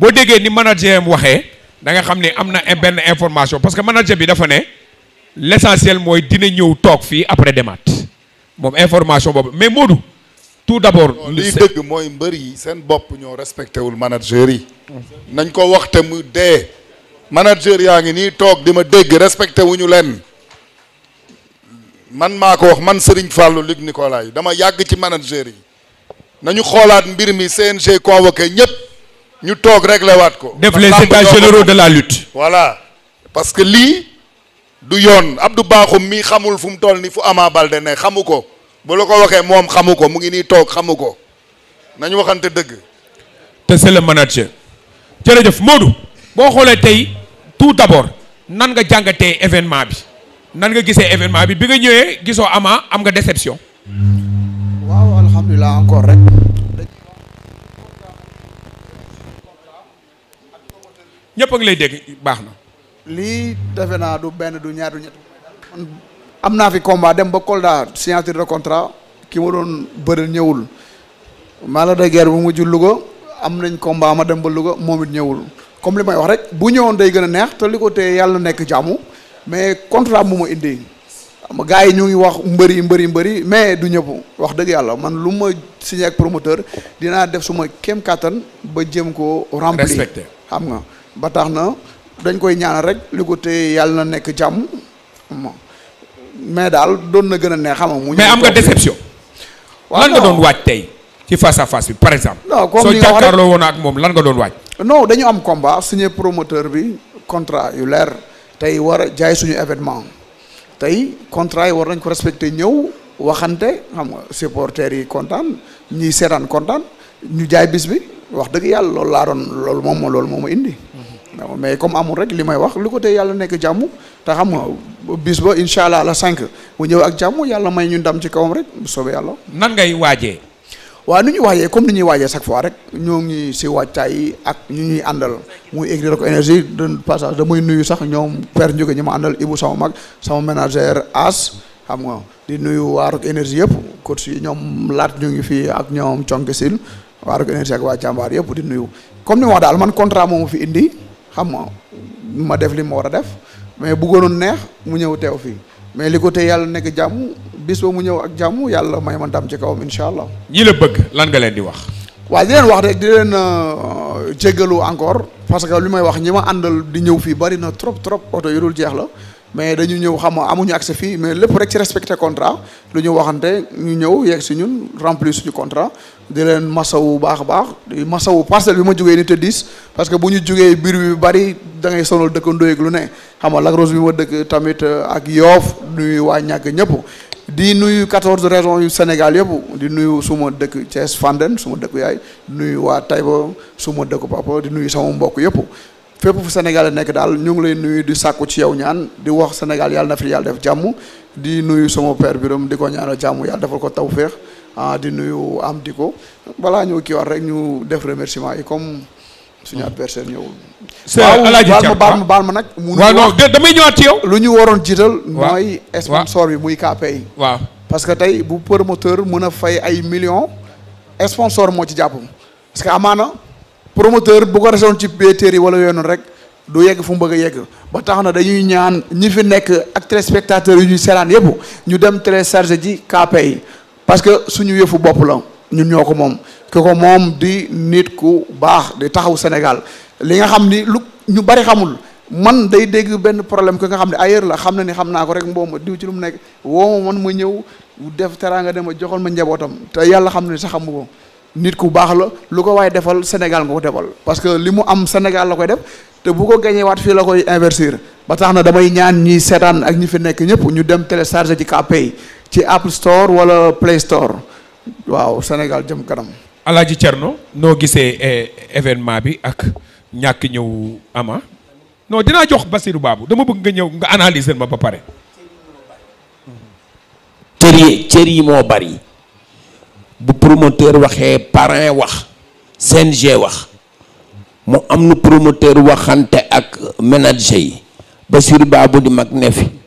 boo déggee ni manager am waxee da xam ne am na benn information parce que manager bi dafa ne l' mooy dina ñëw toog fii après demaat moom information boobu mais moodu tout d' abord. liy dëgg mooy mbër yi seen bopp ñoo respecté wul manager yi. nañ ko wax te mu dee. manager yaa ngi nii toog di ma dégg respecté wu ñu leen. man maa ko wax man Serigne Fallou Luc Nicolaï dama yàgg ci manager yi nañu xoolaat mbir mi CNG convoqué ñëpp. ñu toog régler de la lutte. voilà parce que lii du yoon Abdou mi xamul fu mu toll fu Ama balde ne xamu ko bu la ko waxee moom xamu ko mu ngi nii toog xamu ko nañu waxante te c'est le manager. jërëjëf Modou boo tout d'abord nan nga jàngatee événement bi nan nga Ama am nga déception. waaw encore ñëpp a ngi lay dégg baax na. lii defe naa du benn du ñaar du ñett am naa fi combat dem ba Kolda signature de contrat ki ma doon bëri ñëwul mala de guerre bu mujj Louga am nañ combat ma dem ba Louga moom it ñëwul comme li may wax rek bu ñëwoon day gën a neex te li ko tee yàlla nekk jàmm mais contrat mu ma indi ma gars yi ñu ngi wax mbëri mbëri mbëri mais du ñëpp wax dëgg yàlla man lu ma si ak promoteur dinaa def suma kem kàttan ba jëm ko rempli respecté xam nga ba taxna dañ koy ñaan rek li ko téye yàlla na nekk jàmm mais dal doon na gëna neex xam mu. mais am nga déception. lan nga doon wacc tey ci face à face bi par exemple. so comme ni nga ak mom lan nga doon wacc non dañu am combat signé promoteur bi contrat yu lèr tey war jaay suñu événement tey contrat yi war nañ ko respecter ñew waxante xam nga supporter yi contane ñi sétane contane ñu jaay bis bi wax deug yalla loolu la doon loolu mom loolu moo ma indi. mais comme amul rek li may wax lu ko tee yàlla nekk jàmmu te xam nga bis ba incha allah la cinq mu ñëw ak jàmm yàlla may ñu ndam ci kawam rek bu soobee yàlla. nan ngay waajee. waaw nu ñuy waajee comme ni ñuy waajee chaque fois rek ñoo ngi si waajtaay ak ñu ñuy àndal muy écrire ko énergie de passage damay nuyu sax ñoom père Ndiouké ñi ma àndal Ibou sama mag sama ménagère As xam nga di nuyu waa Rock yëpp coach yi ñoom laat ñu fii ak ñoom Conke Sil waa Rock énergie yëpp di nuyu wax daal man contrat moomu fi indi. xam nga ma def li ma war a def mais bëggoon neex mu ñëw teew fii mais li ko tey yàlla nekk jàmm bis ba mu ñëw ak jàmm yàlla may ma ndam ci kawam incha allah. ñi la bëgg lan nga leen di wax. waaw di leen wax rek di leen euh, jéggalu encore parce que li may wax ñi ma àndal di ñëw fii bari na trop trop oto yu dul jeex la. mais dañu ñëw xam amuñu accès fii mais lépp rek ci respecté contrat lu ñu waxante ñu ñëw yeeg si ñun remplir suñu contrat di leen masawu baax a baax di masawu parcelle bi ma jugee ni te parce que bu ñu jugee biir bi bari da ngay sonal dëkkandoo yeeg lu ne xam nga Lac Rose bi ma dëkk tamit euh, ak Yoff nuyu waa ñàkk ñëpp di nuyu quatorze régions yu Sénégal yëpp di nuyu suma dëkk Thiès Fandène suma dëkk yaay nuyu waa Taïba suma dëkk papa di nuyu sama mbokk yëpp fépp fu senegal nek dal ñu ngi lay nuyu di sakku ci yow ñaan di wax senegal yalla na fi yàlla def jamm di nuyu sama père bi rom diko ñaanal jamm yalla defal ko tawfiq ah di nuyu am diko bala ñu ki war rek ñu def remerciement yi comme suñu adversaire ñew waaw baal ma baal ah. ma baal ma nag. waaw non damay ñëwaat ci yow. lu ñu waron jital moy sponsor bi muy KPI. wa parce que tay bu promoteur mëna fay ay millions sponsor mo ci jàpp parce que amana promoteur bu ko resoon ci béetéer yi wala yoonu rek du yegg fu mu bëgg yegg ba tax na dañuy ñaan ñi fi nekk ak téléspectateurs yu ñuy seetaan yëpp ñu dem télécharge ji kape yi parce que suñu yëfu bopp la ñun ñoko mom kiko mom di nit ku baax di taxaw Sénégal li nga xamni lu ñu bari xamul man day dégg ben problème que nga xamni ayer la xamna ni xamna ko rek mbom diw ci lu mu nekk woo man ma ñew def teranga dem joxol ma njabotam te yalla xamni sa xamugo nit ku baax la lu ko waaye defal Sénégal nga ko defal parce que li mu am Sénégal la koy def te bu ko gañee waat fii la koy investir ba tax na damay ñaan ñi seetaan ak ñi fi nekk ñëpp ñu dem télécharger ci KP ci Apple Store wala Play Store waaw Sénégal jëm kanam. Alaaji Thierno noo gisee eh, événement bi ak ñàkk ñëw ama non dinaa jox Basirou Babou dama bëgg nga ñëw nga analyser ma ba pare. cër yi cër yi moo bari. promoteur waxee parrain wax CNG wax mu am nu promoteur waxante ak manager yi Bassirou Babou di mag nefi